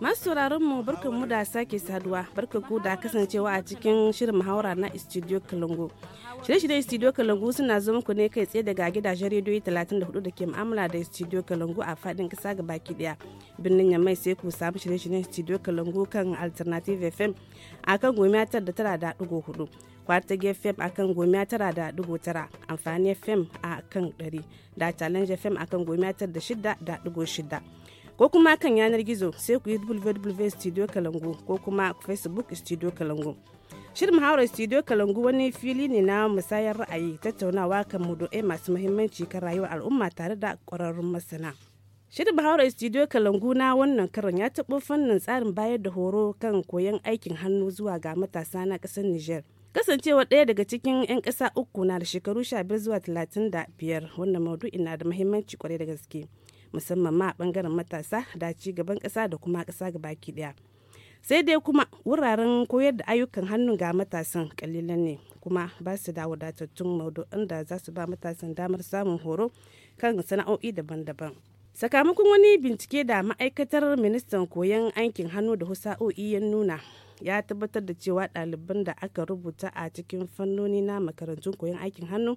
Masu sauraron mu barkan mu da sake saduwa barkan ku da kasancewa a cikin shirin muhawara na Studio Kalungu. Shirye-shirye Studio Kalungu suna zo muku ne kai tsaye daga gidajen rediyo 34 da ke mu'amala da Studio Kalungu a fadin kasa ga baki daya. Birnin Yamai sai ku samu shirye-shiryen Studio Kalungu kan Alternative FM a kan gomiya tar da tara da ɗigo hudu. kwata FM a kan gomiya tara da ɗigo tara. Amfani FM a kan ɗari. Da Challenge FM a kan gomiya tar da shida da ɗigo shida. ko kuma kan yanar gizo sai ku yi www studio kalangu ko kuma facebook studio kalangu shirin muhawarar studio kalangu wani fili ne na musayar ra'ayi tattaunawa kan mudu'ai masu muhimmanci kan rayuwa, al'umma tare da kwararrun masana shirin muhawarar studio kalangu na wannan karon ya taɓo fannin tsarin bayar da horo kan koyon aikin hannu zuwa ga matasa na ƙasar niger kasancewa ɗaya daga cikin 'yan ƙasa uku na da shekaru 15 zuwa 35 wannan maudu'in na da muhimmanci kwarai da gaske musamman ma a bangaren matasa da ci gaban kasa da kuma kasa baki daya sai dai kuma wuraren koyar da ayyukan hannu ga matasan kalilan ne kuma ba su da wadatattun maudu'in da za su ba matasan damar samun horo kan sana'o'i daban-daban sakamakon wani bincike da ma'aikatar ministan koyon aikin hannu da husa'o'i ya nuna ya tabbatar da cewa ɗaliban da aka rubuta a cikin fannoni na makarantun koyon aikin hannu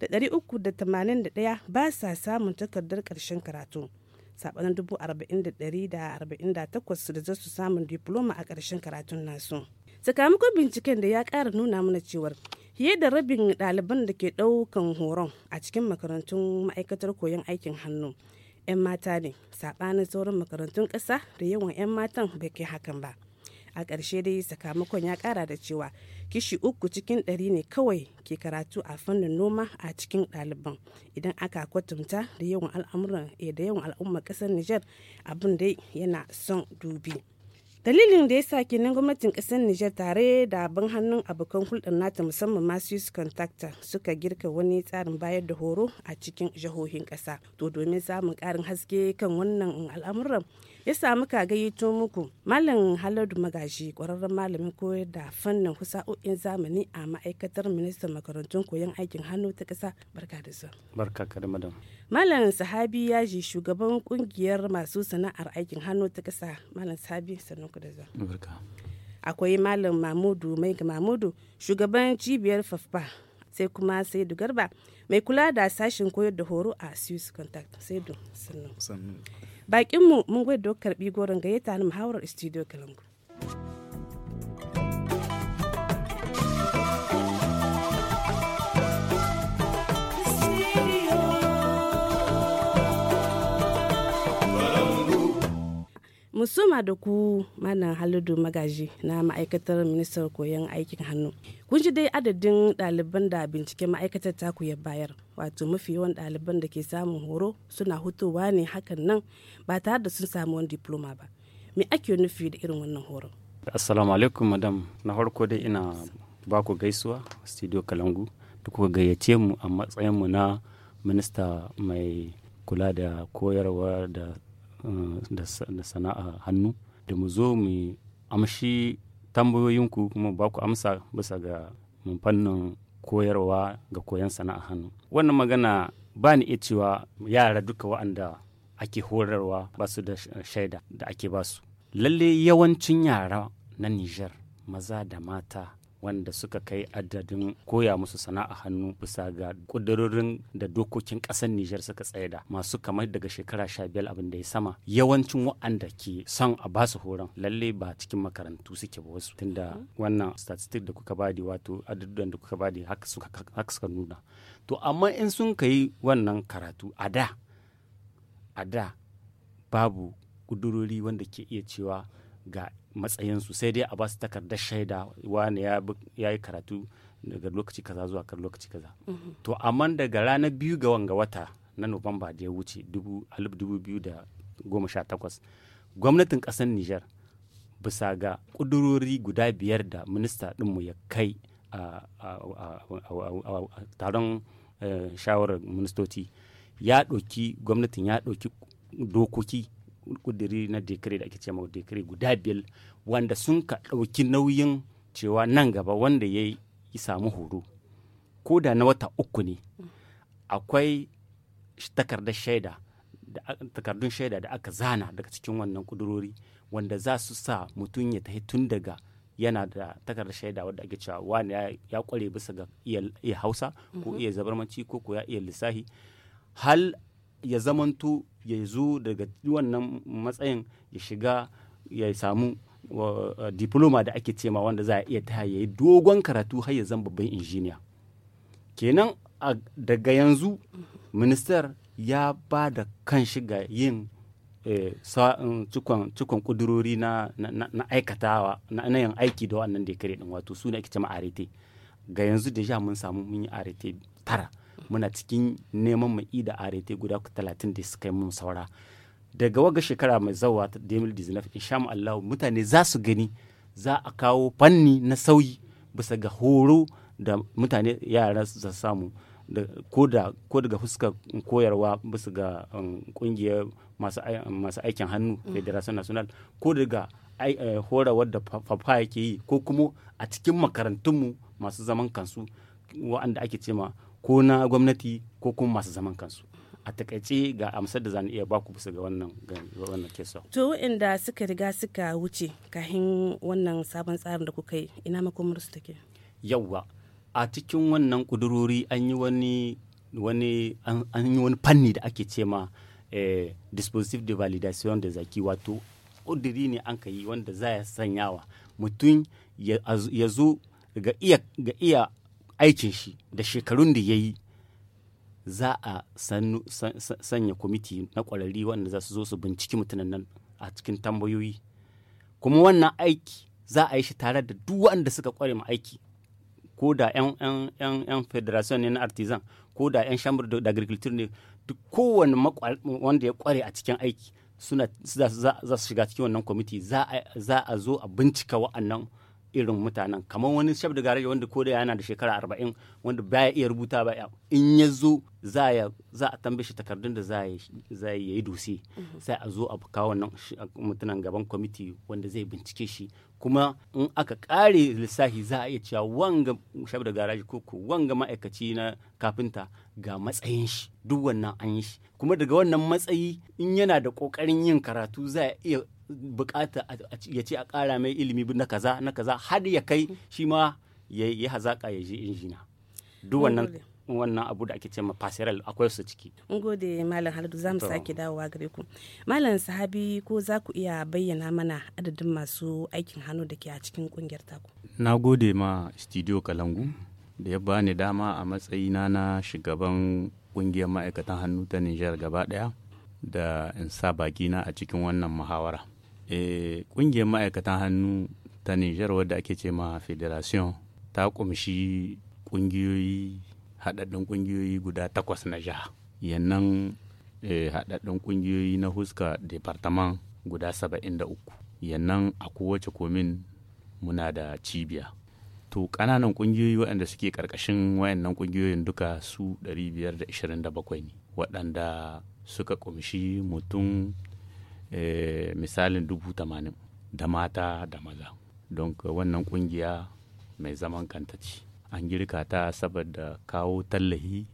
da 381 ba sa samun takardar ƙarshen karatu sabanin 40,148 da za su samun diploma a ƙarshen karatun nasu sakamakon binciken da ya ƙara nuna mana cewar fiye da rabin ɗaliban da ke ɗaukan horon a cikin makarantun ma'aikatar koyon aikin hannu 'yan mata ne sabanin sauran makarantun ƙasa da yawan 'yan matan bai kai hakan ba a ƙarshe dai sakamakon ya ƙara da cewa kishi uku cikin ɗari ne kawai ke karatu a fannin noma a cikin ɗaliban idan aka kwatanta da yawan al'amuran eh, da yawan al'ummar ƙasar niger abin dai yana son dubi dalilin da ya sa kenan gwamnatin ƙasar Nijar tare da ban hannun abokan hulɗar nata musamman masu contactor suka girka wani tsarin bayar da horo a cikin jihohin ƙasa to domin samun ƙarin haske kan wannan al'amuran ya samu gayyato muku malam haladu magashi kwararren malamin koyar da fannin husa'o'in zamani a ma'aikatar ministan makarantun koyon aikin hannu ta ƙasa barka da zuwa barka ka da madam malam sahabi yaji shugaban kungiyar masu sana'ar aikin hannu ta ƙasa malam sahabi sannan ku da zuwa barka akwai malam mamudu mai mamudu shugaban cibiyar fafa sai kuma saidu garba mai kula da sashen koyar da horo a sius contact saidu sannan bakinmu mun gwada karbi gorin gayyata na muhawarar studio kalangu. musuma da ku malam halidu magaji na ma'aikatar ministar koyon aikin hannu kun ji dai adadin ɗaliban da binciken ma'aikatar ta ku ya bayar wato mafi yawan ɗaliban da ke samun horo suna hutowa ne hakan nan ba tare da sun samu wani diploma ba me ake nufi da irin wannan horon assalamu alaikum madam na farko dai ina ba ku gaisuwa studio kalangu da kuka gayyace mu a matsayin mu na minista mai kula da koyarwa da Eh, da sana'a hannu da mu zo mu amshi tambayoyinku kuma ba ku amsa bisa ga fannin koyarwa ga koyon sana'a hannu wannan magana ba ni iya cewa yara duka wa'anda ake horarwa ba su da shaida da ake ba su lalle yawancin yara na nijar maza da mata wanda suka kai adadin koya musu sana'a hannu bisa ga kudurorin da dokokin ƙasar Nijar suka tsaida masu kamar daga shekara sha biyar abin da ya sama yawancin wa'anda ke son a ba su horon lalle ba cikin makarantu suke ba wasu tunda mm-hmm. wannan statistic da kuka badi wato adadin da kuka badi haka suka haka suka nuna to amma in sun kai wannan karatu a da a da babu kudurori wanda ke iya cewa ga matsayinsu sai dai a ba su takardar shaida wani ya yi karatu daga lokaci kaza zuwa kan lokaci kaza mhm. to amma daga ranar biyu ga wanga wata na nuwamba da ya wuce takwas gwamnatin ƙasar Nijar bisa ga ƙudurori guda biyar da minista ɗinmu ya kai a taron eh, shawarar ministoci ya ɗauki gwamnatin ya ɗauki dokoki kudiri na dekare da ake cewa dekare guda biyar wanda sun ka ɗauki nauyin cewa nan gaba wanda ya yi samu horo ko da na wata uku ne akwai takardar shaida takardun shaida da aka zana daga cikin wannan kudurori wanda za su sa mutum ya tahi tun daga yana da takardar shaida wadda ake cewa wani ya kware bisa ga iya hausa ko mhm. iya zabarmanci ko ko ya iya lissahi hal ya zamanto ya zo daga wannan matsayin ya shiga ya samu diploma da ake cema wanda za a iya ta ya yi dogon karatu har ya zama babban injiniya kenan daga yanzu ministar ya ba da kan shiga yin e, um, cikon kudurori na aikatawa na yin aiki da wannan da ya kare din wato su ne ake cema arete ga yanzu da mun samu mun yi arete tara muna cikin neman mu ida arete guda talatin da suka yi mun saura daga waga shekara mai zawa ta 2019 insha Allah mutane za su gani za a kawo fanni na sauyi bisa ga horo da mutane yara su samu ko daga fuskar koyarwa bisa ga kungiyar masu aikin hannu federation national ko daga hora da fafa yake yi ko kuma a cikin makarantunmu masu zaman kansu wa'anda ake cema ko na gwamnati ko kuma masu zaman kansu a takaice ga amsar da zan iya baku bisa ga wannan wannan kesa to inda suka riga suka wuce kahin wannan sabon tsarin da kuka yi ina makomar su take yawwa a cikin wannan kudurori an yi wani wani an yi wani fanni da ake ce ma eh, dispositive de validation da zaki wato kuduri ne an ka yi wanda za ya sanyawa mutum ya zo ga iya aikin shi da shekarun da ya yi za a sanya kwamiti na ƙwararri wanda za su zo su binciki mutanen nan a cikin tambayoyi kuma wannan aiki za a yi shi tare da duk wanda suka ƙware ma aiki ko da 'yan federation ne na artisan ko da 'yan shambar da agriculture ne duk kowane wanda ya kware a cikin aiki suna za su shiga cikin wannan kwamiti za a zo a bincika wa'annan irin mutanen kamar wani shaf da garaje wanda ko da yana da shekara arba'in wanda baya iya rubuta ba in ya zo za a tambaye shi takardun da za a yi dose mhm. sai a zo a kawo wannan mutunan gaban kwamiti wanda zai bincike shi kuma in aka kare lissafi za a iya cewa wanga shabi da garaji ko wanga ma'aikaci na kafinta ga matsayin shi duk wannan an yi shi kuma daga wannan matsayi in yana da kokarin yin karatu za a iya bukata ya ce a kara mai ilimi na kaza na kaza har ya kai mhm. shi ma ya yi hazaƙa ya je injina duk wannan wannan abu da ake cewa passerelle akwai su ciki. Mun gode Malam Haladu za mu sake dawowa gare ku. Malam Sahabi ko za ku iya bayyana mana adadin masu aikin hannu da ke a cikin kungiyar taku? Na gode ma Studio Kalangu da ya bani dama a matsayina na shugaban kungiyar ma'aikatan hannu ta Nijar gaba daya da in sa bakina a cikin wannan muhawara. E, eh, kungiyar ma'aikatan hannu ta Nijar wadda ake ce ma Federation ta kumshi ƙungiyoyi haɗaɗɗun ƙungiyoyi guda takwas na jiha yannan eh, haɗaɗɗun ƙungiyoyi na huska departaman guda saba'in da uku yannan a kowace komin muna da cibiya to ƙananan ƙungiyoyi waɗanda suke ƙarƙashin wayannan ƙungiyoyin duka su 527 ne waɗanda suka ƙumshi mutum eh, misalin dubu tamanin da mata da maza don wannan ƙungiya mai zaman kanta ce an girka ta saboda kawo tallahi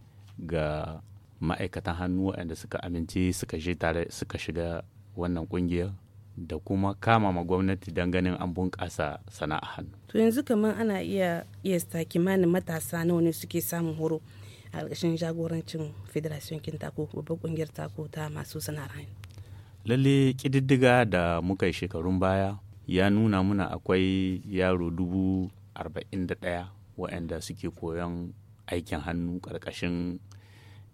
ga ma'aikatan hannu waɗanda suka amince suka je tare suka shiga wannan ƙungiyar da kuma kama ma gwamnati don ganin an bunƙasa sana'a hannu. To yanzu kamar ana iya iya kimanin matasa nawa ne suke samun horo a ƙarƙashin jagorancin Federation Kin Tako babbar ƙungiyar tako ta masu sana'ar hannu. Lalle ƙididdiga da muka yi shekarun baya ya nuna muna akwai yaro dubu arba'in da ɗaya waɗanda suke koyon aikin hannu ƙarƙashin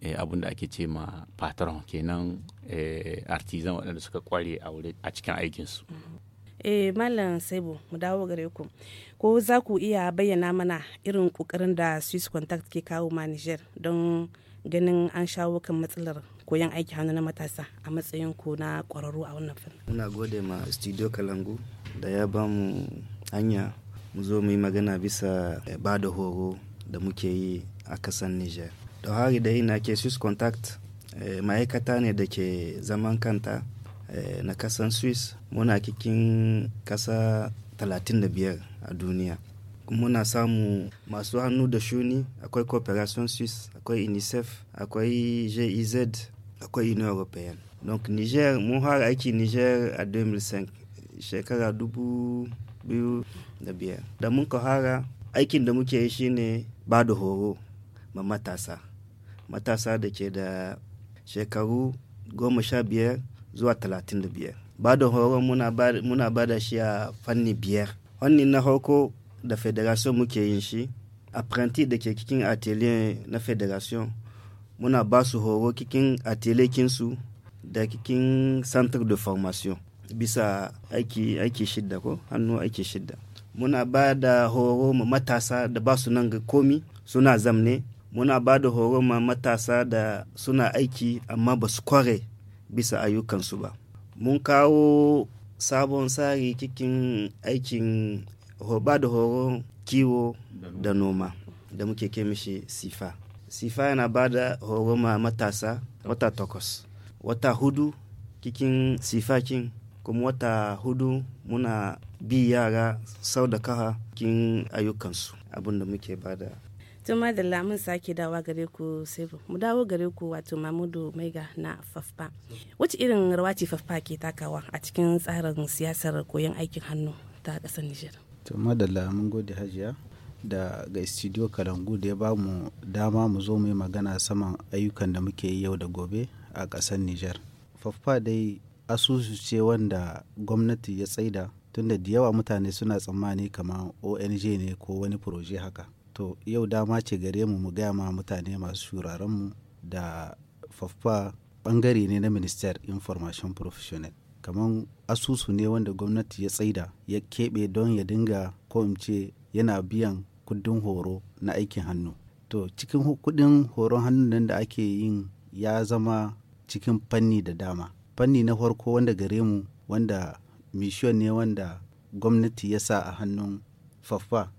eh, abin da ake ce ma patron kenan eh, artisan waɗanda suka kware a cikin aikinsu eh malam saibo mu dawo gare ku ko za ku iya bayyana mana irin kokarin da swiss contact ke kawo ma niger don ganin an shawo kan matsalar koyon aiki hannu na matasa a matsayin ku na kwararru a wannan fannin muna gode ma studio kalangu da ya bamu hanya mu zo mu yi magana bisa eh, ba da horo da muke yi a kasan Niger. Da hari da yi na ke Swiss Contact eh, ma'aikata ne da ke zaman kanta eh, na kasan Swiss muna kikin kasa 35 a duniya. muna samu masu hannu da shuni akwai cooperation swiss akwai unicef akwai jez akwai union european donc niger mun har aiki niger a 2005 shekara dubu biyu da biyar da mun kahara aikin da muke yi shine ba da horo ma matasa matasa da ke da shekaru goma sha biyar zuwa talatin da biyar ba da horo muna ba da shi a fanni biyar fanni na harko da federation muke yin shi apprenti da ke kikin atelier na federation muna ba su horo kikin su da kikin centre de formation bisa aiki aiki shidda ko hannu aiki shidda muna ba da horo ma matasa da ba su nan ga komi suna zamne muna ba da horo ma matasa da suna aiki amma ba su kware bisa ayyukansu ba mun kawo sabon tsari cikin aikin ba da horo kiwo da noma da muke ke sifa sifa yana ba da horo ma matasa wata takwas wata hudu cikin sifakin kuma wata hudu muna bi yara sau da kaha kin ayyukansu abin da muke bada tuma da lamun sake dawa gare ku sebo mu dawo gare ku wato mamudu maiga na fafpa wacce irin rawa ce faffa ke takawa a cikin tsarin siyasar koyon aikin hannu ta ƙasar nijar tuma da lamun gode hajiya da ga studio kalangu da ya ba mu dama mu zo mu magana saman ayyukan da muke yi yau da gobe a ƙasar nijar faffa dai asusu ce wanda gwamnati ya tsaida tun da yawa mutane suna tsammani kamar ong ne ko wani proje haka to yau dama ce gare mu mu gaya ma mutane masu shuraren mu da faffa bangare ne na minister information professional kamar asusu ne wanda gwamnati ya tsaida ya keɓe don ya dinga ko ce yana biyan kudin horo na aikin hannu to cikin kudin horon hannu nan da ake yin ya zama cikin fanni da dama fanni na farko wanda gare mu wanda mission ne wanda gwamnati ya sa a hannun faffa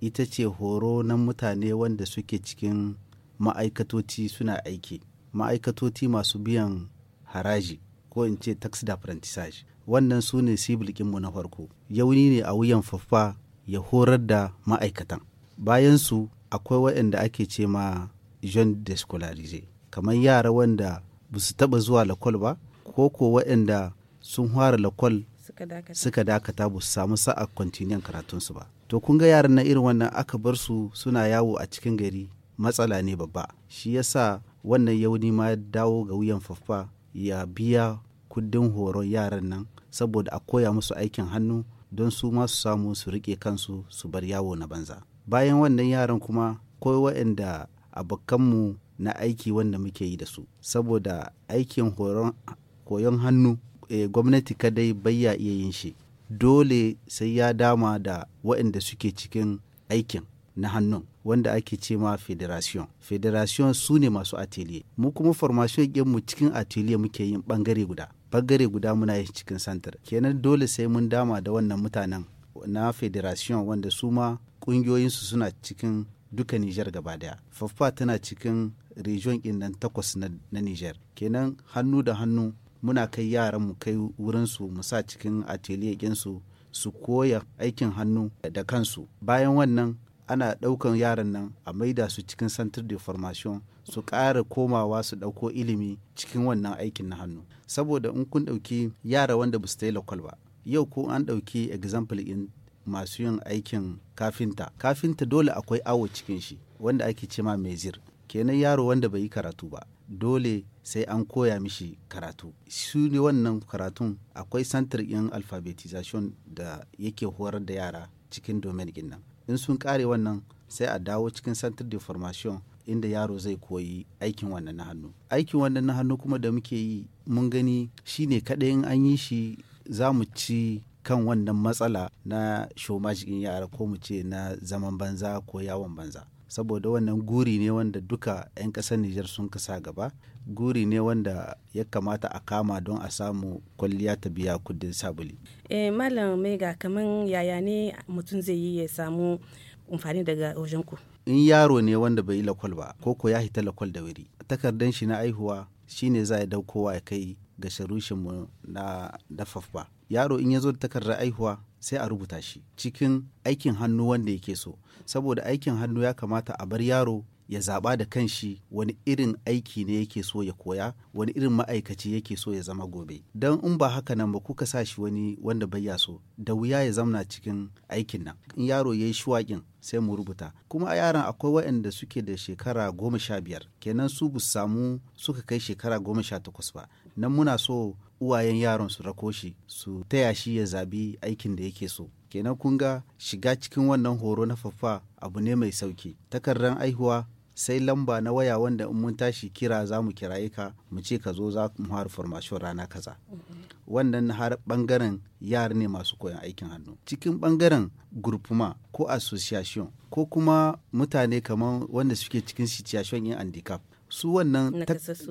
ita ce horo na mutane wanda suke cikin ma'aikatoci suna aiki ma'aikatoci masu biyan haraji ko in ce tax da apprentissage wannan su ne mu na farko yauni ne a wuyan faffa ya horar da ma'aikatan bayansu akwai waɗanda ake ce ma jean descolarize kamar yara wanda ba su taɓa zuwa lakwal ba ko ko waɗanda sun fara lakwal suka dakata ba su samu sa'a kwantiniyan karatunsu ba to kun ga yaran na irin wannan aka bar su suna yawo a cikin gari matsala ne babba shi yasa wannan yauni ma dawo ga wuyan faffa ya biya kudin horon yaran nan saboda a koya musu aikin hannu don su ma su samu su rike kansu su bar yawo na banza bayan wannan yaran kuma ko waɗanda abokanmu na aiki wanda muke yi da su saboda aikin horon koyon hannu Eh, gwamnati kadai bayya iya yin shi dole sai ya dama da waɗanda suke cikin aikin na hannun wanda ake ce ma federation federation su ne masu atelier mu kuma formation mu cikin atelier muke yin bangare guda bangare guda muna yin cikin santar kenan dole sai mun dama da wannan mutanen na federation wanda su ma ƙungiyoyinsu suna cikin duka Nijar gaba daya. Faffa tana cikin region ɗin takwas na Nijar. Kenan hannu da hannu muna kai yaran mu kai wurin su mu sa cikin atelier ɗin su koya aikin hannu da kansu bayan wannan ana ɗaukan yaran nan a maida su cikin santar de formation su ƙara komawa su ɗauko ilimi cikin wannan aikin na hannu saboda in kun ɗauki yara wanda ba su yi lakwal ba yau ko an ɗauki example in masu yin aikin kafinta kafinta dole akwai awo cikin shi wanda ake ce ma mezir kenan yaro wanda bai yi karatu ba dole sai an koya mishi karatu su ne wannan karatun akwai santar yan alfabetization da yake horar da yara cikin domin nan in sun kare wannan sai a dawo cikin santar de formation inda yaro zai koyi aikin wannan na hannu aikin wannan na hannu kuma da muke yi mun gani shine kadai in an yi shi za mu ci kan wannan matsala na cikin yara ko mu ce na zaman banza ko yawon banza saboda wannan guri ne wanda duka 'yan ƙasar Nijar sun kasa gaba guri ne wanda ya kamata a kama don a samu kwalliya ta biya kudin sabuli. Eh, Malam Mega kaman yaya ne mutum zai yi ya samu amfani daga ku. In yaro ne wanda bai yi lakwal ba ko ko ya hita lakwal da wuri takardan shi na aihuwa shine za ya daukowa ya kai ga sharushin mu na dafaf ba. Yaro in ya zo da takardar aihuwa sai a rubuta shi cikin aikin hannu wanda yake so saboda aikin hannu ya kamata a bar yaro ya zaɓa da kanshi wani irin aiki ne yake so ya koya wani irin ma'aikaci yake so ya zama gobe don in ba haka nan ba kuka sa shi wani wanda bai ya so da wuya ya zamna cikin aikin nan in yaro ya yi shuwaƙin sai mu rubuta kuma a yaran akwai waɗanda suke da shekara goma sha biyar kenan su bu samu suka kai shekara goma sha takwas ba nan muna so uwayen yaron su rako shi su taya shi ya zabi aikin da yake so kenan kun ga shiga cikin wannan horo na faffa abu ne mai sauki takardar aihuwa sai lamba na waya wanda in mun tashi kira za mu kiraye ka mu ce ka zo za mu har formation rana kaza wannan har bangaren yara ne masu koyon aikin hannu cikin bangaren gurfuma ko association ko kuma mutane kamar wanda suke cikin situation yin handicap su wannan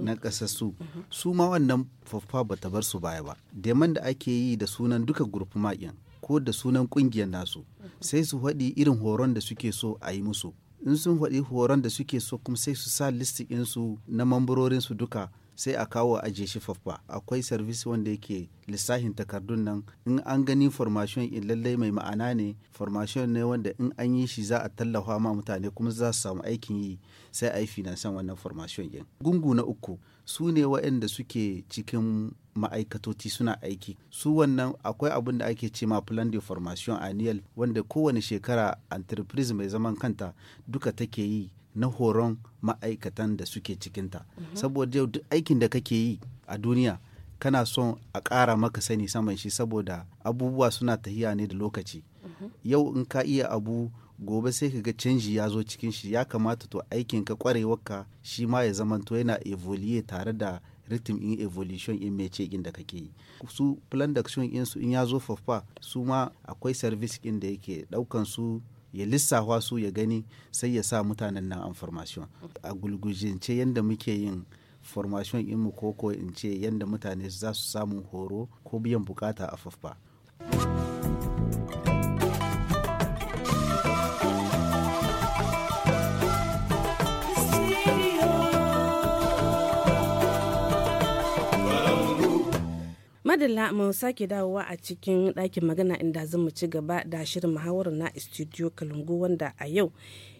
nakasassu mhm. su ma wannan faffa ba ta bar su baya ba deman da ake yi da sunan duka gurfi makin ko da sunan ƙungiyar nasu mhm. sai su faɗi irin horon da suke so a yi musu in sun faɗi horon da suke so kuma sai su sa listi su na mambarorinsu duka sai a kawo a ajiye shi faffa akwai service wanda yake lissafin takardun nan in an gani formation in lallai mai ma'ana ne formation ne wanda in an yi shi za a tallafa ma mutane kuma za su samu aikin yi sai a yi finansan wannan formation din gungu na uku su ne waɗanda suke cikin ma'aikatoci suna aiki su wannan akwai abin da ake ce ma plan de formation annual wanda kowane shekara entreprise mai zaman kanta duka take yi na horon ma'aikatan da suke cikinta saboda yau duk aikin da kake yi a duniya kana son a ƙara maka sani saman shi saboda abubuwa suna tahiya ne da lokaci yau in ka iya abu gobe sai ka ga canji ya zo cikin shi ya kamata to aikin ka kwarewarka shi ma ya zamanto yana evoluye tare da rhythm in evolution in mece gin da kake yi su plan da in su in ya zo fafa su ma akwai service in da yake ɗaukan su ya lissafa su ya gani sai ya sa mutanen nan an formation a gulgujince yadda muke yin formation mu koko in ce yadda mutane za su samu horo ko biyan bukata a faffa. madalla mu sake dawowa a cikin ɗakin magana inda zan mu ci gaba da shirin muhawarar na studio kalungu wanda a yau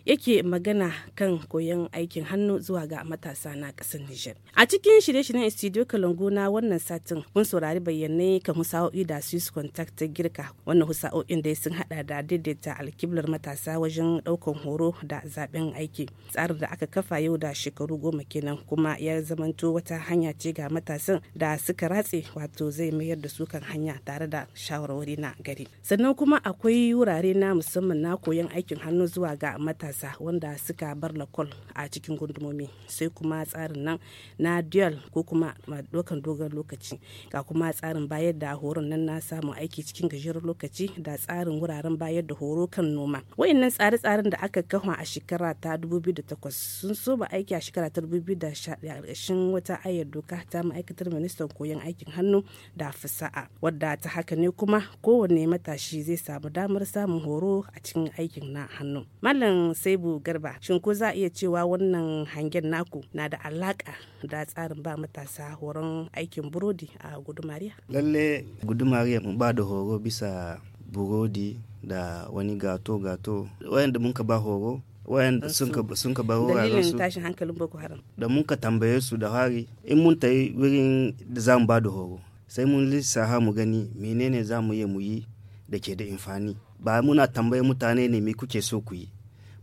yake magana kan koyon aikin hannu zuwa ga matasa na ƙasar Nijar. A cikin shirye-shiryen studio Kalangu na wannan satin mun saurari bayanai kan husa'o'i da Swiss Contact girka wannan husa'o'in dai sun hada da daidaita alkiblar matasa wajen ɗaukan horo da zaɓen aiki. Tsarin da aka kafa yau da shekaru goma kenan kuma ya zamanto wata hanya ce ga matasan da suka ratse wato zai mayar da su kan hanya tare da shawarwari na gari. Sannan kuma akwai wurare na musamman na koyon aikin hannu zuwa ga matasa matasa wanda suka bar lakol a cikin gundumomi sai kuma tsarin nan na dual ko kuma dokan dogon lokaci ga kuma tsarin bayar da horon nan na samun aiki cikin gajeren lokaci da tsarin wuraren bayar da horo kan noma wayannan tsare-tsaren da aka kafa a shekara ta 2008 sun so ba aiki a shekara ta 2011 wata ayar doka ta ma'aikatar ministan koyon aikin hannu da fasaha wadda ta haka ne kuma kowane matashi zai samu damar samun horo a cikin aikin na hannu malam Saibu Garba. Shin ko za a iya cewa wannan hangen naku na da alaka da tsarin ba matasa horon aikin burodi a gudumariya? Lalle gudumariya mu ba da horo bisa burodi da wani gato-gato wayanda mun ka ba horo wayanda sun ka bar wuraren su tashin hankalin boko haram da mun ka tambaye su da hari in mun ta yi wurin da za mu ba da horo sai mun lissafa mu gani menene za mu iya mu yi da ke da imfani. ba muna tambaye mutane ne me kuke so ku yi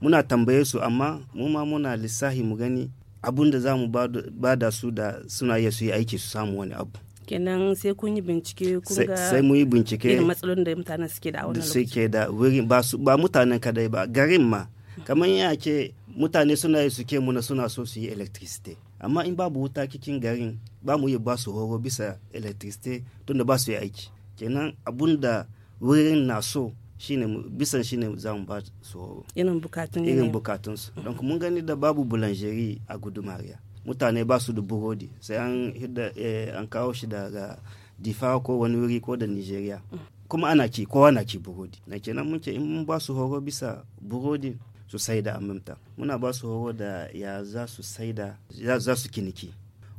muna tambaye su amma mu ma muna lissahi mu gani abun da za mu ba da su da suna iya su yi aiki su samu wani abu kenan sai kun yi bincike kun ga sai mu yi bincike irin matsalolin da mutanen suke da wannan lokaci suke da wurin ba su ba mutanen kadai ba garin ma kamar ya ke mutane suna yi suke muna suna so su yi electricity amma in babu wuta cikin garin ba mu yi ba su horo bisa electricity tunda ba su yi aiki kenan abun da wurin na so shine bisan shine za mu ba su irin bukatun irin bukatun su don mun gani da babu boulangerie a gudumariya mutane ba su da burodi sai an hidda eh, an kawo shi daga difa ko wani wuri ko da nigeria kuma ana ci kowa na ci burodi na kenan mun ce in mun ba su horo bisa burodi su saida aminta muna ba su horo da ya za su saida za su kiniki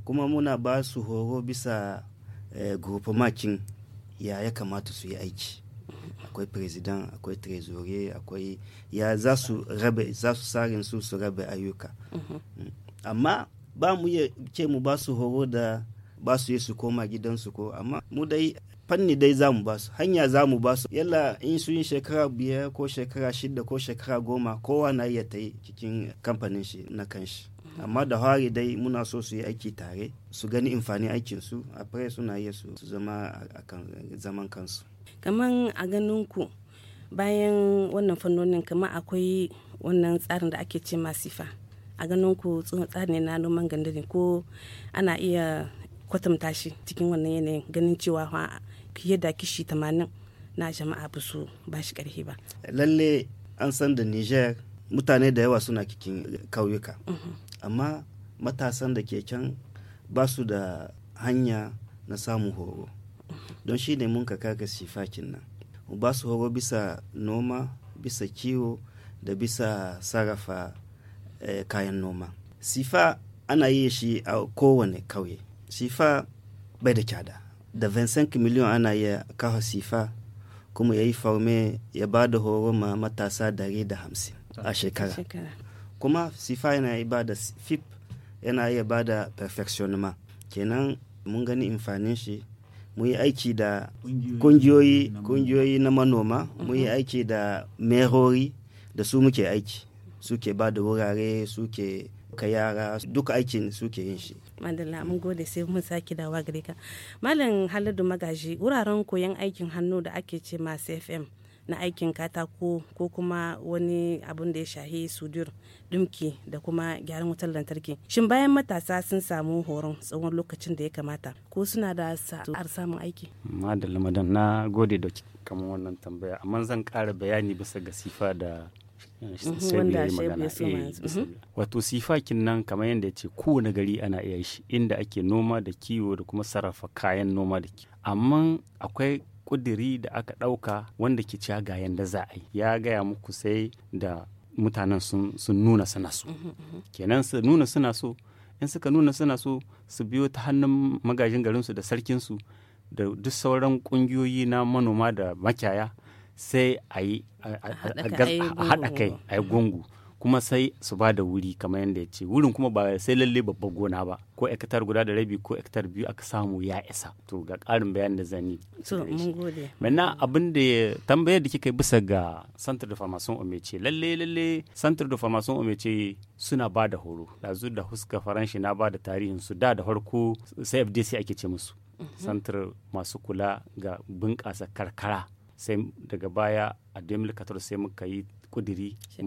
kuma muna ba su horo bisa eh, makin ya ya kamata su yi aiki akwai president akwai tirezori akwai ya za su rabe za su sarin su su rabe ayyuka mhm. mm. amma ba mu ya ce mu ba su horo da ba su yi su koma gidansu ko amma mu dai fanni dai za mu ba su hanya za mu ba su yalla in su yi shekara biyar ko shekara shida ko shekara goma kowa na iya ta yi cikin kamfanin shi na kanshi mhm. amma da hari dai muna so su yi aiki tare su gani amfani aikinsu a suna iya su zama a zaman kansu kaman a ganin ku bayan wannan fannonin kaman akwai wannan tsarin da ake ce masifa a ganin ku tsarin na noman ne ko ana iya kwatanta shi cikin wannan yanayin ganin cewa fiye da kishi 80 na jama'a ba su ba shi karhi ba lalle an san da niger mutane da yawa suna kikin kauyuka mhm. amma matasan da ke can ba su da hanya na samun horo don shi ne mun ka kaga sifakin nan mu ba su horo bisa noma bisa kiwo da bisa sarrafa eh, kayan noma sifa ana yi shi a kowane kauye sifa bai da kyada da vincent miliyon ana iya kawo sifa kuma ya yi farme ya ba da horo ma matasa dari da hamsin a shekara kuma sifa yana yi ba da fip yana iya ba da perfectionnement kenan mun gani amfanin shi mun yi aiki da kungiyoyi na manoma mun yi mhm. aiki da merori da su muke aiki suke ba da wurare suke ka yara duka aikin suke yin shi madalla mun gode sai mun sake dawa gare ka malin haladu magaji wuraren koyon aikin hannu da ake ce masu fm na aikin katako ko kuma wani abun da ya shahi sudur dumki da kuma gyaran wutar lantarki shin bayan matasa sun samu horon tsawon lokacin da ya kamata ko suna da sa'ar samun aiki madalla madan na gode da kamar wannan tambaya amma zan kara bayani bisa ga sifa da eh, mhm, eh, mhm. wato sifakin nan kamar yadda ya ce kowane gari ana iya shi inda ake noma da kiwo da kuma sarrafa kayan noma da kiwo amma akwai ƙudiri da aka ɗauka wanda ke ciya ga yanda za a yi ya gaya muku sai da mutanen sun nuna suna so kenan su nuna suna so in suka nuna suna so su biyo ta hannun magajin garinsu da sarkinsu da duk sauran ƙungiyoyi na manoma da makiyaya sai a haɗa kai a yi gungu kuma sai su ba da wuri kamar yadda ya ce wurin kuma ba sai lalle babban gona ba ko hektar guda da rabi ko hektar biyu aka samu ya isa to ga karin bayan da zan yi manna abin da tambayar da kika yi bisa ga santar da farmason omece lalle lalle santar da farmason omece suna ba da horo dazu da huska faranshi na ba da tarihin su da da farko sai fdc ake ce musu mhm. Centre masu kula ga bunƙasa karkara sai daga baya a 2014 sai muka yi kudiri eh,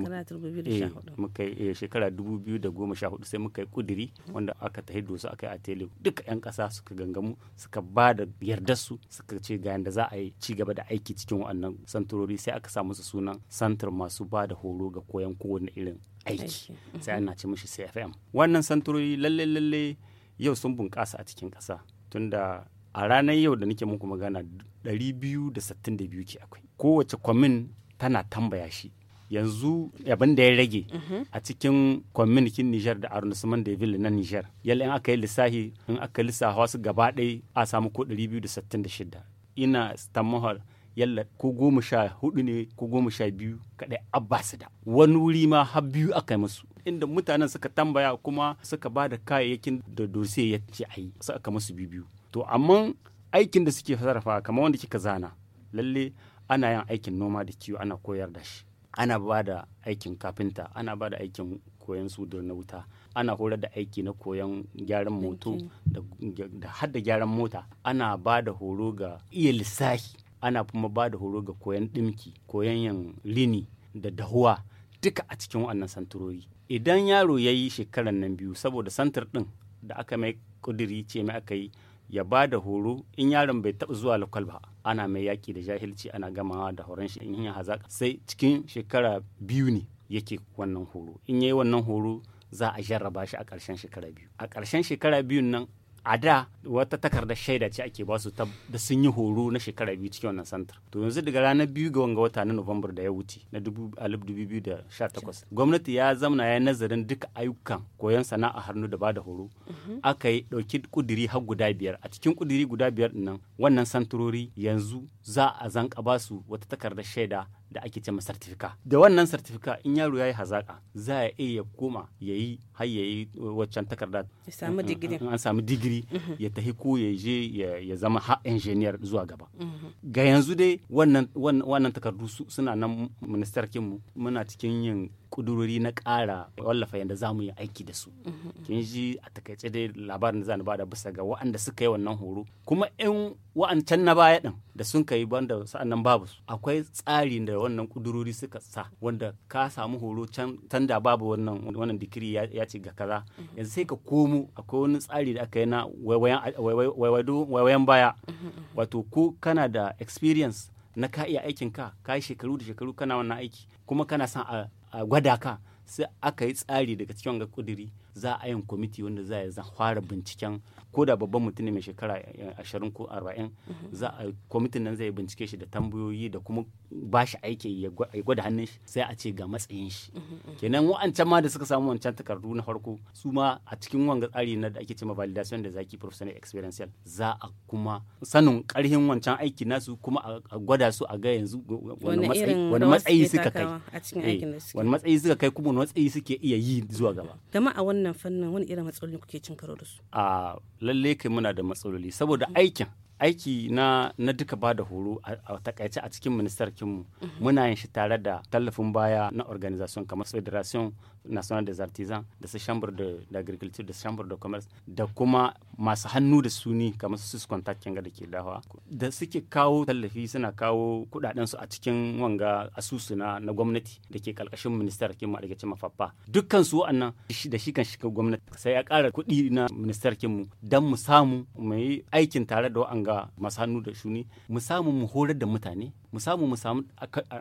muka yi eh, shekara 2014 sai muka yi kudiri wanda aka tahi dosu aka yi a tele duka 'yan ƙasa suka gangamu suka ba da yardar su suka ce ga yanda za a yi ci gaba da aiki cikin wannan santurori sai aka samu su sunan santar masu ba da horo ga koyan kowane irin aiki sai mm-hmm. ana ce mishi cfm wannan santurori lalle lalle yau sun bunƙasa a cikin ƙasa tunda a ranar yau da nake muku magana 262 ke akwai kowace kwamin tana tambaya shi yanzu abin da ya rage a cikin kwaminikin Nijar da arrondissement da ville na Nijar yalla in aka yi lissahi in aka lissafa wasu gaba ɗaya a samu ko 266 ina stamahar yalla ko goma sha hudu ne ko goma sha biyu kaɗai abbasu da wani wuri ma har biyu aka yi musu inda mutanen suka tambaya kuma suka ba da kayayyakin da dosiye ya ce a yi aka musu biyu to amma aikin da suke sarrafa kamar wanda kika zana lalle ana yin aikin noma da kiwo ana koyar da shi ana ba da aikin kafinta ana ba da aikin koyon su na wuta ana horar da aiki na koyon gyaran moto da har da gyaran mota ana ba da horo ga iya lissafi ana kuma ba da horo ga koyon ɗimki koyon yin lini da dahuwa duka a cikin wannan santurori idan yaro ya yi shekaran nan biyu saboda santar ɗin da aka mai kudiri ce mai aka yi ya ba da horo in yaron bai taɓa zuwa lokal ba ana mai yaƙi da jahilci ana gamawa da horon shi in hazaƙa sai cikin shekara biyu ne yake wannan horo in yayi wannan horo za a jarraba shi a ƙarshen shekara biyu a ƙarshen shekara biyun nan a da wata takardar shaida ce ake basu ta da sun yi horo na shekara biyu cikin wannan santar to yanzu daga ranar biyu ga wanga wata na nuwambar da ya wuce na 2018 gwamnati ya zamana ya nazarin duka ayyukan koyon sana'a harnu da ba da horo aka yi ɗauki kuduri har guda biyar a cikin kuduri guda biyar nan wannan santurori yanzu za a zanka su wata takardar shaida da ake ce sartifika da wannan sartifika in yaro ya yi hazaƙa za a iya koma ya yi har ya yi waccan takarda an samu digiri mhm. ya tahi ko ya je ya zama ha injiniyar zuwa gaba mhm. ga yanzu dai wannan takardu suna nan ministar kinmu muna cikin yin kudurori na ƙara wallafa yadda za mu yi aiki da su mhm. kin ji a takaice dai labarin da za ni bada bisa ga waɗanda suka yi wannan horo kuma in wa'ancan na baya din da sun kai banda sa'annan babu su akwai tsari da wannan kudurori suka sa wanda ka samu horo can tanda babu wannan wannan dikiri ya ci ga kaza yanzu sai ka komo akwai wani tsari da aka yi na waiwayan baya wato ko kana da experience na ka iya aikin ka ka yi shekaru da shekaru kana wannan aiki kuma kana son a gwada ka sai aka yi tsari daga cikin ga kudiri za a yin kwamiti wanda za a fara binciken ko da babban mutum ne mai shekara eh, ashirin ko arba'in mhm. za a kwamitin nan zai bincike shi da tambayoyi da kuma ba shi aiki ya gwada hannun shi sai a ce ga matsayin shi mhm, mhm. kenan wa'ancan ma da suka samu wancan takardu na farko su ma a cikin wanga tsari na da ake cewa validation da zaki professional experiential za a kuma sanin karhin wancan aiki nasu kuma a gwada su a ga yanzu wani matsayi suka kai eh, wani matsayi suka kai kuma wani matsayi suke iya yi zuwa gaba gama a wannan fannin wani irin matsaloli kuke cin karo da su lalle kai muna da matsaloli saboda mm. aikin aiki na na duka ba da horo a takaice a cikin ministarkinmu mhm. muna yin shi tare da tallafin baya na organisation kamar federation national des artisans da su chambre de agriculture da chambre de commerce da kuma masu hannu da suni kamar su contact kinga da ke dawa da suke kawo tallafi suna kawo kudaden su a cikin wanga asusu na na gwamnati da ke karkashin ministar kin ma daga dukkan su wa'annan da shi kan shi gwamnati sai ya kara kuɗi na ministar kinmu dan mu samu mu yi aikin tare da wa'anga ga masu hannu da shuni mu samu mu horar da mutane mu samu mu samu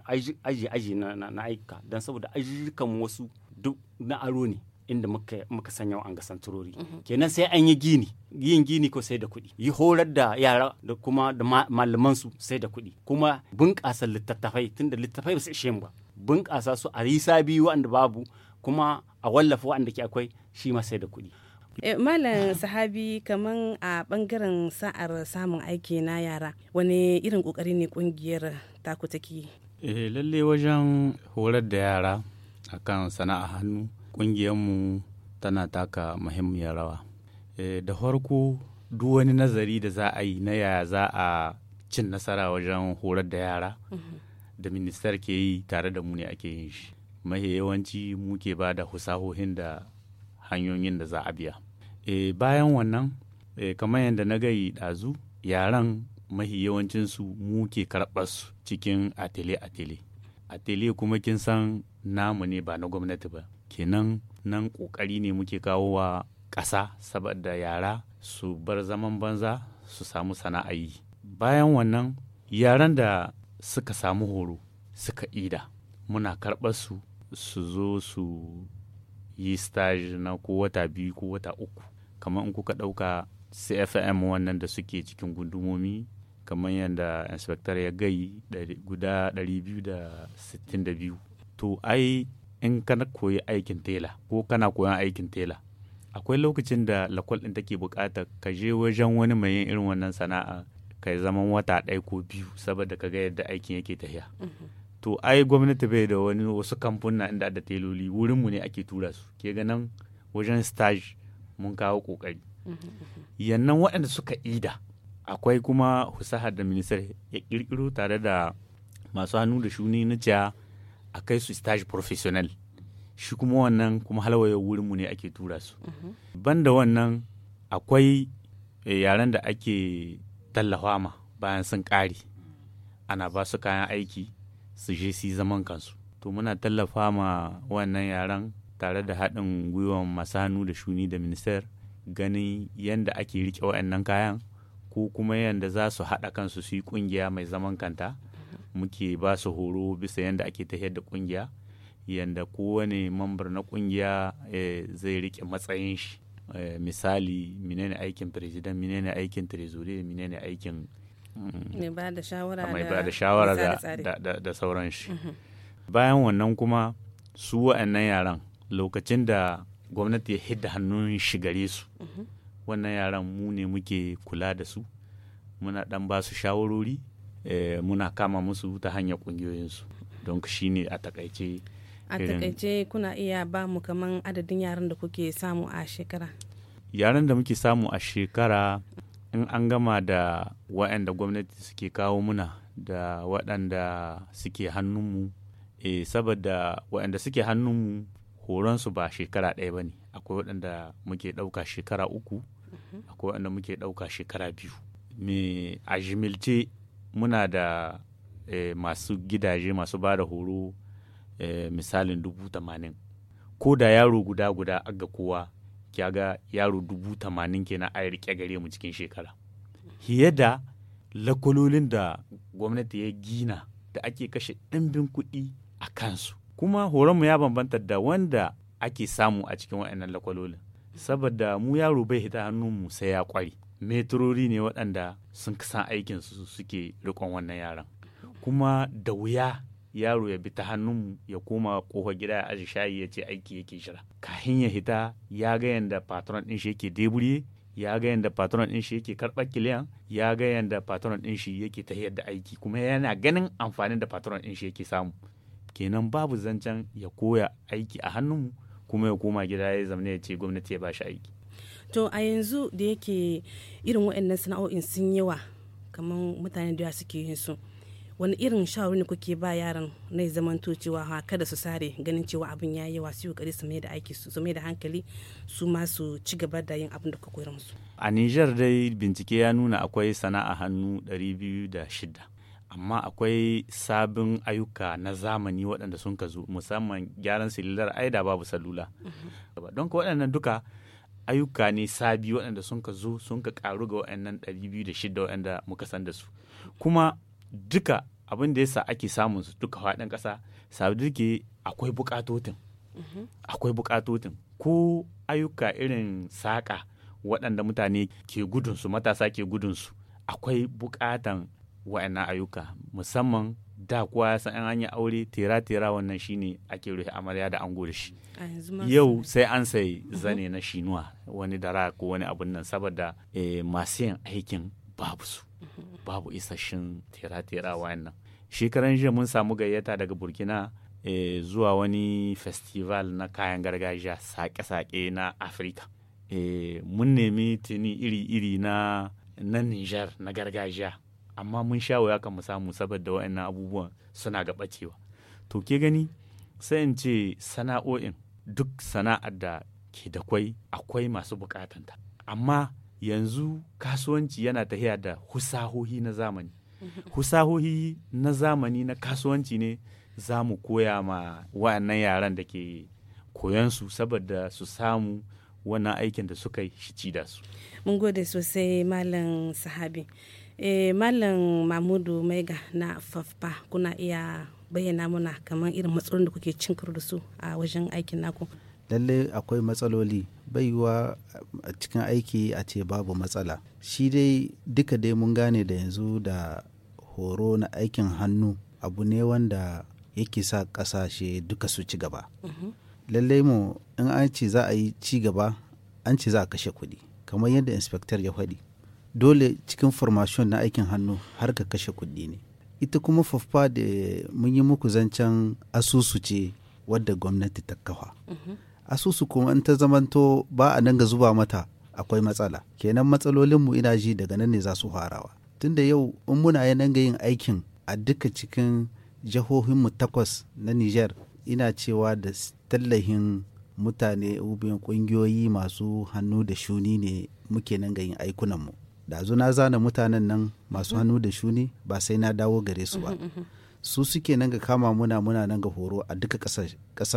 aji aji na aika don saboda ayyukan wasu duk na aro ne inda muka sanya an ga santurori mhm. kenan sai an yi gini yin gini ko sai da kuɗi yi horar da yara da kuma da malaman su sai da kuɗi kuma bunƙasa littattafai tunda littattafai ba su ishe ba bunƙasa su a risa biyu wanda babu kuma a wallafa wanda ke akwai shi ma sai da kuɗi Eh, malam sahabi kamar a bangaren sa'ar samun aiki na yara wani irin kokari ne kungiyar taku take eh lalle wajen horar da yara akan sana'a hannu mu tana taka muhimmiyar rawa eh, da farko duk wani nazari da za a yi na yaya za a cin nasara wajen horar da yara mhm. da ministar ke yi tare da mu ne ake yin shi mahi yawanci muke ba da husahohin da hanyoyin da za a biya e, bayan wannan e, kamar yadda na gayi ɗazu yaran mahi yawancinsu mu ke karɓarsu cikin atele-atele atele kuma kin san namu ne ba na gwamnati ba kenan nan ƙoƙari ne muke kawo wa ƙasa saboda yara su bar zaman banza su samu sana'a yi bayan wannan yaran da suka samu horo suka ida muna karɓarsu su zo su yi stage na ko wata biyu ko wata uku kamar in kuka ɗauka cfm wannan da suke cikin gundumomi kamar yadda inspector ya gai guda 262 to ai in kana koyi aikin tela ko kana koyan aikin tela akwai lokacin da lakwal ɗin take bukata ka je wajen wani mai yin irin wannan sana'a ka zaman wata ɗaya ko biyu saboda ka ga yadda aikin yake tahiya. Mm-hmm. to ai gwamnati bai da wani wasu kamfuna inda da teloli wurinmu ne ake tura su ke ganin wajen stage mun kawo kokari mhm, mhm. yannan waɗanda suka ida akwai kuma husahar da minisar ya ƙirƙiro tare da masu hannu da shuni na jiya a kai su stage professional shi kuma wannan kuma halwaye wurinmu ne ake tura su mhm. banda wannan akwai eh, yaren da ake tallafa ma bayan sun ƙare ana ba su kayan aiki su je su zaman kansu to muna tallafa ma wannan yaren tare da haɗin gwiwar masanu da shuni da minister ganin yadda ake riƙe waɗannan kayan ko kuma yadda za su haɗa kansu su yi ƙungiya mai zaman kanta muke ba su horo bisa yadda ake tafiyar da ƙungiya yadda kowane mambar na ƙungiya eh, zai riƙe matsayin shi eh, misali menene aikin president menene aikin trezore menene aikin mm, mai ba da shawara da sauran shi mm-hmm. bayan wannan kuma su wa'annan yaran lokacin da gwamnati ya hidda hannun shi gare su wannan yaran mu ne muke kula da su muna dan ba su shawarori eh, muna kama musu ta hanyar kungiyoyinsu don shi ne a takaice a takaice kuna iya ba mu kaman adadin yaran da kuke samu a shekara yaran da muke samu a shekara in an gama da waɗanda gwamnati suke kawo muna da waɗanda suke hannunmu e, eh, saboda waɗanda suke hannunmu horonsu ba shekara ɗaya ba ne akwai waɗanda muke ɗauka shekara uku akwai waɗanda muke ɗauka shekara biyu me a jimilce muna da e, masu gidaje masu ba da horo e, misalin dubu tamanin ko da yaro guda guda aga kowa ga yaro dubu tamanin kenan a riƙe gare mu cikin shekara fiye da lakololin da gwamnati ya gina da ake kashe ɗimbin kuɗi a kansu kuma horonmu ya bambanta da wanda ake samu a cikin waɗannan lakwalolin saboda mu yaro bai hita mu sai ya kwari metrori ne waɗanda sun kasan aikin su suke rikon wannan yaran kuma da wuya yaro ya bi ta hannunmu ya koma kofar gida ya aji shayi ya ce aiki yake shira kahin ya hita ya ga yanda patron din shi yake deburiye ya ga yanda patron din shi yake karɓar kiliyan ya ga yanda patron din shi yake tahiyar da aiki kuma yana ganin amfanin da patron ɗin shi yake samu kenan babu zancen ya koya aiki a hannunmu kuma ya koma gida ya zama ya ce gwamnati ya bashi aiki to a yanzu da yake irin waɗannan sana'o'in sun yawa kamar mutane da suke yin su wani irin shawarwari kuke ba yaran na to cewa ha kada su sare ganin cewa abin ya yawa su kokari su mai da aiki su mai da hankali su ma su ci gaba da yin abin da ka koyar musu a nijar dai bincike ya nuna akwai sana'a hannu biyu da 206 amma akwai sabin ayyuka na zamani waɗanda sun ka zo musamman gyaran sililar aida babu salula mm-hmm. don ka waɗannan duka ayyuka ne sabi waɗanda sun ka zo sun ka ƙaru ga waɗannan shida waɗanda muka san da su kuma duka abin da yasa ake samun su duka faɗin ƙasa sabi akwai buƙatotin mm-hmm. akwai buƙatotin ko ayyuka irin saƙa waɗanda mutane ke gudunsu matasa ke gudunsu akwai buƙatan wa'annan ayyuka musamman da kuwa ya san an yi aure tera-tera wannan shine ake rufe amarya da ango da shi yau sai an sai mhm. zane na shinuwa wani dara ko wani abun nan saboda eh, masu yin aikin babu su mhm. babu isasshen tera-tera wa'annan shekaran jiya mun samu gayyata daga burkina eh, zuwa wani festival na kayan gargajiya sake-sake na afirka eh, mun nemi tuni iri-iri na na nijar na gargajiya amma mun sha wuya kan mu samu saboda wa'annan abubuwan suna ga bacewa to ke gani sai in ce sana'o'in duk sana'ar da ke da kwai akwai masu bukatanta amma yanzu kasuwanci yana tahiya da husahohi na zamani husahohi na zamani na kasuwanci ne za mu koya ma wa'annan yaran da ke koyon su saboda su samu wannan aikin da suka yi shi ci da su mun gode sosai malam sahabi eh malam mamudu maiga na fafpa kuna iya bayyana muna kamar irin matsalolin da kuke cin da su a wajen aikin naku lalle akwai matsaloli baiwa a cikin aiki a ce babu matsala shi dai duka dai mun gane da yanzu da horo na aikin hannu abu ne wanda yake sa ƙasashe duka su ci gaba mhm. lallai mu in an ce za a yi ci gaba an ce za a kashe kuɗi kamar yadda inspector ya faɗi dole cikin formation na aikin hannu har ka kashe kuɗi ne ita kuma faffa da mun yi muku zancen asusu ce wadda gwamnati ta kafa mhm. asusu kuma in ta zamanto ba a nan ga zuba mata akwai matsala kenan matsalolinmu ina ji daga nan ne za su farawa tunda yau in muna yanan ga yin aikin a duka cikin jihohinmu takwas na niger ina cewa da tallahin mutane ubin kungiyoyi masu hannu da shuni ne muke nan ga yin aikunanmu da zo na zana mutanen nan masu hannu da shuni ba sai na dawo gare su ba su suke nan ga kama muna muna nan ga horo a duka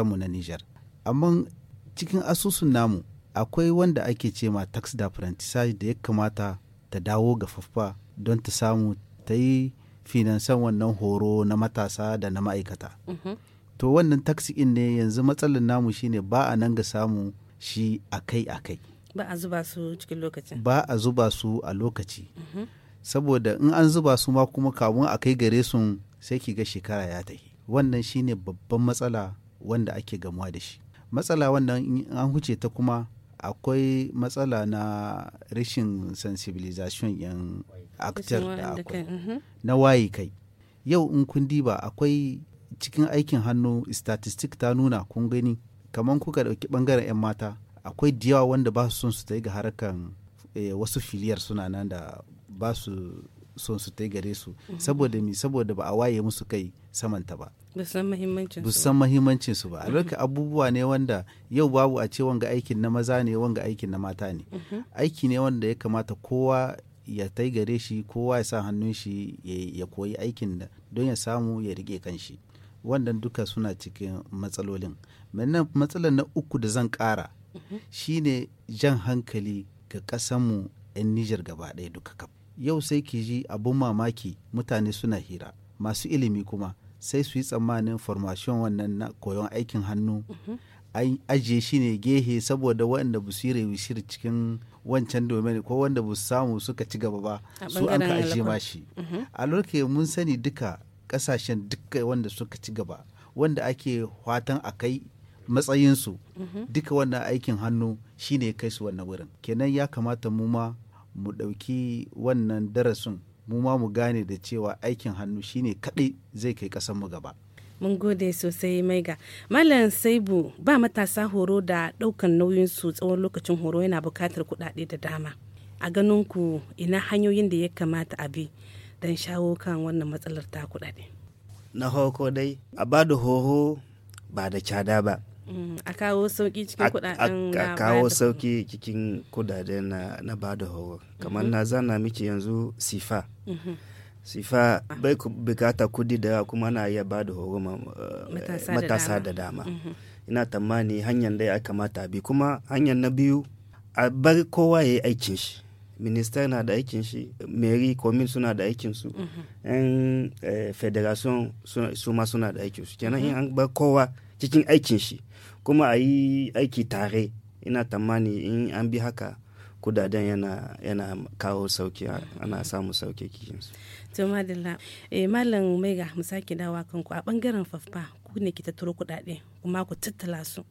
mu na Nijar. Amma cikin asusun namu akwai wanda ake ce ma tax da apprentissage da ya kamata ta dawo ga faffa don ta samu ta yi finansan wannan horo na matasa da na ma'aikata. To wannan taxi in ne yanzu matsalar namu shine ba a nan ga samu shi akai-akai. ba a zuba su cikin lokaci. ba a zuba su a lokaci saboda in an zuba su ma kuma kamun a kai gare su sai ki ga shekara ya tahi. wannan shine babban matsala wanda ake gamuwa da shi matsala wannan in an huce ta kuma akwai matsala na rashin sensibilization yan actor da akwai mhm. na waye kai yau in kun diba akwai cikin aikin hannu statistic ta nuna kun gani kamar kuka ɗauki ɓangaren 'yan mata akwai diyawa wanda ba su son su ta ga harkan eh, wasu filiyar suna nan da ba su son su ta gare su mhm. saboda mi saboda ba a waye musu kai samanta ba san mahimmancin su ba mhm. a lokacin abubuwa ne wanda yau babu a ce wanga aikin na maza ne wanga aikin na mata ne mhm. aiki ne wanda ya kamata kowa ya ta gare shi kowa ya sa hannun shi ya koyi aikin da don ya samu ya rike kan shi. wannan duka suna cikin matsalolin matsalar na uku da zan kara shine jan hankali ga ƙasanmu 'yan Nijar gaba ɗaya duka kaf. Yau sai ki ji abun mamaki mutane suna hira, masu ilimi kuma sai su yi tsammanin formation wannan na koyon aikin hannu. An ajiye shi ne gehe saboda waɗanda ba su yi rewishir cikin wancan domin ko wanda ba su samu suka ci gaba ba su an ka ajiye ma uhuh. A lokacin mun sani duka ƙasashen duka wanda suka ci gaba wanda ake fatan a kai matsayinsu mhm. duka wannan aikin hannu shine ya kai su wannan wurin kenan ya kamata mu ma mu ɗauki wannan darasin mu ma mu gane da cewa aikin hannu shine kaɗai zai kai mu gaba mun gode sosai mai ga malam saibu ba matasa horo da ɗaukan nauyinsu tsawon lokacin horo yana buƙatar kuɗaɗe da dama a ganin ku ina hanyoyin da ya kamata a bi don shawo kan wannan matsalar ta kuɗaɗe na hoko dai a ba da horo ba da cada ba Mm, a kawo sauki cikin kudaden a kawo sauki cikin kudaden na ba da horo kamar mm-hmm. na zana miki yanzu sifa mm-hmm. sifa bai bukata kudi da kuma na iya ba da horo eh, matasa da dama mm-hmm. ina tamani hanyar da ya kamata bi kuma hanyar na biyu a bar kowa ya yi aikin shi minista na da aikin shi mary komin suna da aikin su yan eh, federation su ma suna da aikin su kenan in an bar kowa cikin aikin shi kuma a yi aiki tare ina tamani in an bi haka kudaden yana, yana kawo sauki ana samu sauki kikinsu. to madalla eh, malam maiga mu sake dawa kanku a bangaren faffa ku ne ki tattaro kudade kuma ku tattala su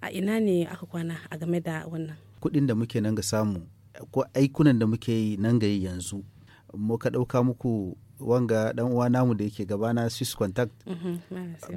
a ina ne aka kwana a game da wannan kudin da muke nan ga samu ko aikunan da muke yi nan ga yanzu muka ɗauka muku wanga dan uwa namu da yake gabana swiss contact mhm,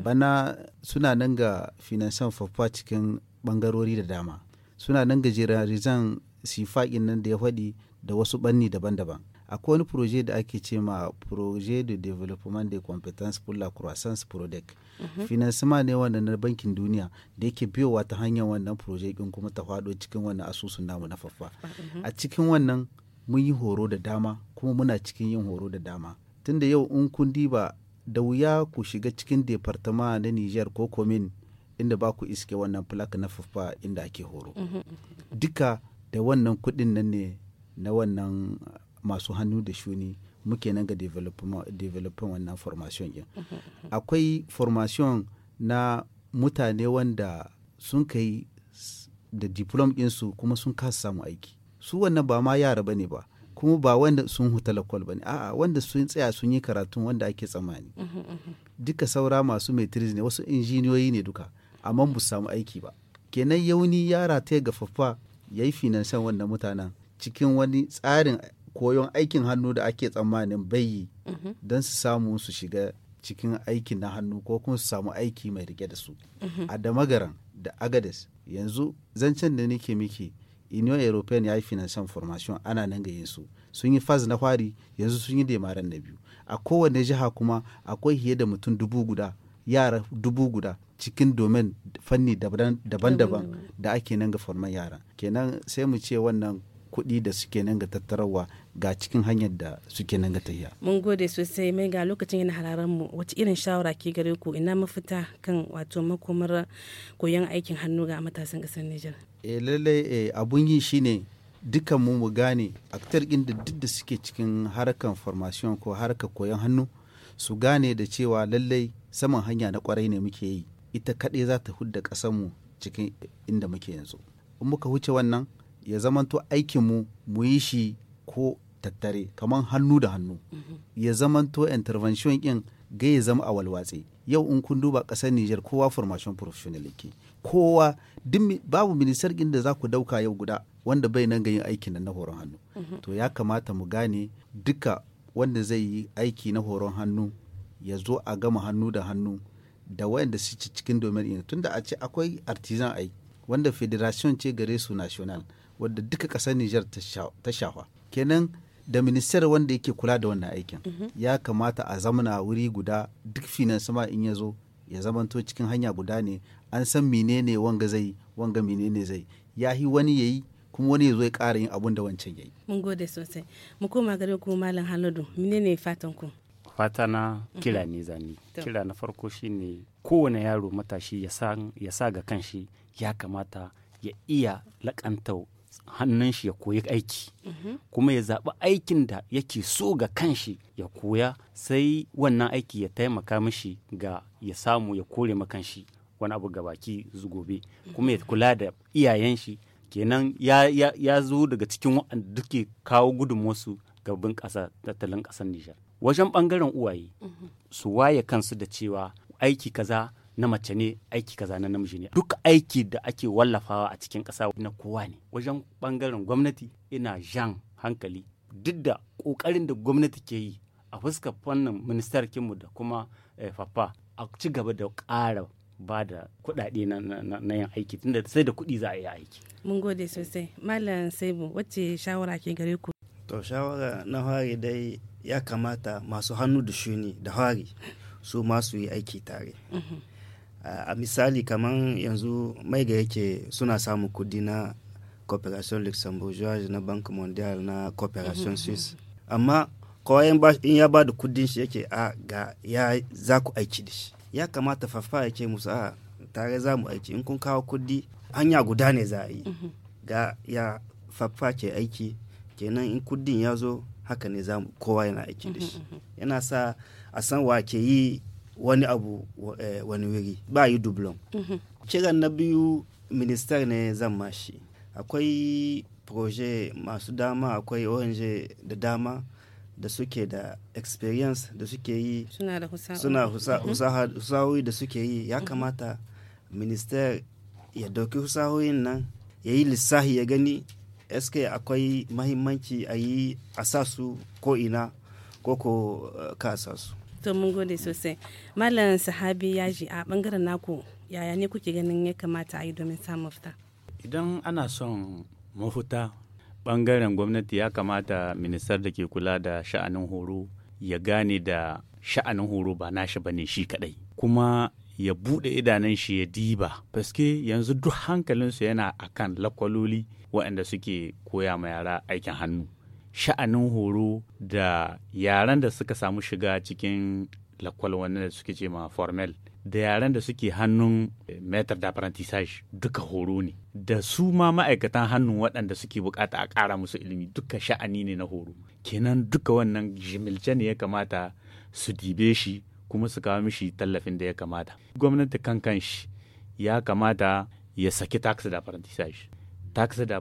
bana suna nan ga finansan fafa cikin bangarori da dama suna nan ga jirarizan sifakin nan da ya faɗi da wasu banni daban-daban akwai wani proje da ake ce ma proje de development de competence pour la croissance prodec mhm. financement ne wannan na bankin duniya da yake biyowa ta hanyar wannan proje din kuma ta faɗo cikin wannan asusun namu na faffa mhm. a cikin wannan mun yi horo da dama kuma muna cikin yin horo da dama tun da yau in kun diba da wuya ku shiga cikin departama na Nijar ko komin inda ba ku iske wannan plak na fafa inda ake horo. Mhm, mhm. Duka da wannan kuɗin nan ne na wannan uh, masu hannu da shuni muke nan ga developing wannan formation ɗin. Mhm, Akwai formation na mutane wanda sun kai da diplom ɗinsu kuma sun kasa samu aiki. Su wannan ba ma yara ba ne ba. kuma ba wanda sun huta lakwal ba ne a'a wanda sun tsaya sun yi karatun wanda ake tsammani duka saura masu maitris ne wasu injiniyoyi ne duka amma ba samu aiki ba kenan yauni yara ta ga faffa ya yi finansan wannan mutanen cikin wani tsarin koyon aikin hannu da ake tsammanin bayi don su samu su shiga cikin aikin na hannu ko kuma su samu aiki mai rike da su a da magaran da agades yanzu zancen da nake miki union european ya yi financial formation ana nan ga yinsu sun yi faz na fari yanzu sun yi demaran na biyu a kowane jiha kuma akwai fiye da mutum dubu guda yara dubu guda cikin domin fanni daban-daban da ake nan ga forman yara kenan sai mu ce wannan kuɗi da suke nan ga tattarawa ga cikin hanyar da suke nan ga tahiya. Mun gode sosai mai ga lokacin yana hararen mu wace irin shawara ke gare ku ina mafita kan wato makomar koyon aikin hannu ga matasan ƙasar Nijar. E lallai eh, abun yi shine dukan mu mu gane aktar din da duk da suke cikin harkan formation ko harkar koyon hannu su gane da cewa lallai saman hanya na kwarai ne muke yi ita kaɗai za ta hudda mu cikin inda muke yanzu. In muka huce wannan ya zamanto aikinmu mu yi shi ko tattare kamar hannu da hannu ya zamanto intervention ɗin gai ya zama a walwatse yau in kun duba ƙasar Nijar kowa formation professional yake kowa babu minister ɗin da za ku dauka yau guda wanda bai nan ga yin aikin na horon hannu to ya kamata mu gane duka wanda zai yi aiki na horon hannu ya zo a gama hannu da hannu da wayanda su ci cikin domin ina tunda a ce akwai artisan ai wanda federation ce gare su national wadda duka ƙasar Nijar ta shafa kenan da minister wanda yake kula da wannan aikin mhm. ya kamata a zamana wuri guda duk finan sama in ya zo ya zamanto cikin hanya guda ne an san menene wanga zai wanga menene zai ya yi wani yayi kuma wani ya zo ya ƙara yin abun da wancan yayi mun gode sosai mu koma gare ku malam haladu menene fatan ku fata na mhm. kira ne zani kira na farko shine kowane yaro matashi ya sa ga kanshi ya kamata ya iya laƙantau. hannun shi ya koyi aiki mhm. kuma ya zaɓi aikin da yake so ga kanshi ya koya sai wannan aiki ya taimaka mishi ga ya samu ya kore makanshi wani abu ga baki gobe kuma ya kula da iyayen shi kenan ya, zo daga cikin waɗanda duke kawo gudunmuwarsu ga bunƙasa tattalin ƙasar Nijar. Wajen ɓangaren uwaye mhm. su waye kansu da cewa aiki kaza na mace ne aiki kaza na namiji ne duk aiki da ake wallafawa a cikin ƙasa na kowa ne wajen ɓangaren gwamnati ina jan hankali duk da ƙoƙarin da gwamnati ke yi a fuskar fannin ministarkinmu da kuma eh, fafa a ci gaba da ƙara ba da kuɗaɗe na yin aiki tunda sai da kuɗi za a yi aiki. Mun gode sosai. Malam Saibu, wacce shawara ke gare ku? To shawara na hari dai ya kamata masu hannu da shuni da hari su masu yi aiki tare. Mhm. a misali kamar yanzu mai ga yake suna samu kudi na cooperation luxembourgeoise na bank mondial na cooperation mhm. swiss amma kawai in ya ba da kudin shi yake a ga ya za ku aiki da shi ya kamata fafa yake musu a tare za mu aiki in kun kawo kudi hanya guda ne za a yi mhm. ga ya fafa ke aiki kenan in kudin ya zo haka ne za mu kowa yana aiki da mhm, shi yana sa a san wa ke yi wani abu eh, wani wuri ba yi dublon mhm. kiran na biyu ministar ne zan mashi akwai proje masu dama akwai ong da dama da suke da experience da suke yi suna mm-hmm. husahoyi da suke yi ya mm-hmm. kamata minister ya dauki husahoyin nan ya yi lissahi ya gani sk akwai mahimmanci a yi a sa su ko ina ko ko eh, ka sa su to mun gode sosai malam sahabi yaji a bangaren naku yaya ne kuke ganin ya kamata a yi domin samun mafita idan ana son mafita bangaren gwamnati ya kamata ministar da ke kula da sha'anin horo ya gane da sha'anin horo ba nashi bane shi kadai kuma ya bude idanun shi ya diba paske yanzu duk hankalinsu yana akan lakwaloli waɗanda suke koya ma yara aikin hannu sha'anin horo da yaren da suka samu shiga cikin lakwal wannan da suke ce ma formel da yaren da suke hannun eh, metar da duka horo ne da su ma ma'aikatan hannun waɗanda suke bukata a ƙara musu ilimi duka sha'ani ne na horo kenan duka wannan jimilce ne ya kamata su dibe shi kuma su kawo mishi tallafin da ya kamata gwamnati kankan shi ya kamata ya saki tax d'apprentissage tax da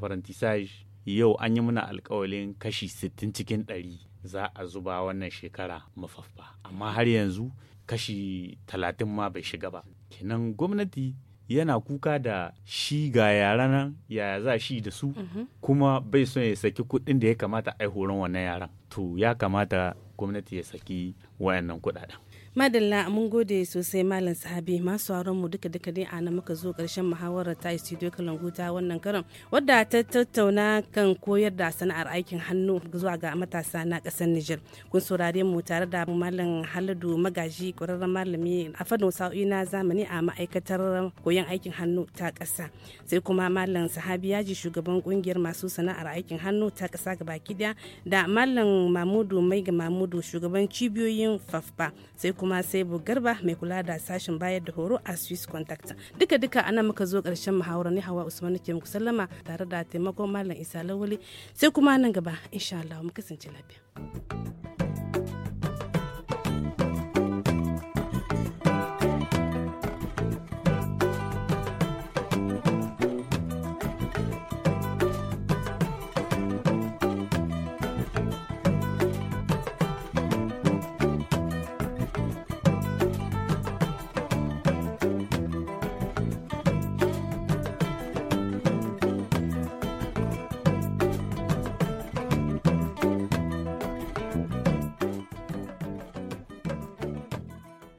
yau an yi muna alkawalin kashi 60 cikin 100 za a zuba wannan shekara mafaffa amma har yanzu kashi 30 ma bai shiga ba kenan gwamnati yana kuka da shi ga yara nan yaya za shi da su mhm. kuma bai son ya saki kuɗin da ya kamata a horon wannan yaran to ya kamata gwamnati ya saki wayannan kuɗaɗen madalla mun gode sosai malam sahabi masu mu duka duka dai ana muka zo karshen muhawarar ta studio kalangu ta wannan karon wadda ta tattauna kan koyar da sana'ar aikin hannu zuwa ga matasa na kasar Nijar kun saurare mu tare da malam Haladu Magaji kwararren malami a fadin sa'o'i na zamani a ma'aikatar koyon aikin hannu ta ƙasa sai kuma malam sahabi yaji shugaban kungiyar masu sana'ar aikin hannu ta ƙasa gaba daya da malam Mamudu Maiga Mamudu shugaban cibiyoyin Fafba sai kuma sai garba mai kula da sashen bayar da horo a swiss contact duka duka ana muka zo karshen muhawara ni hawa usman ke muku sallama tare da taimakon malam isa lawali sai kuma nan gaba insha Allah mu kasance lafiya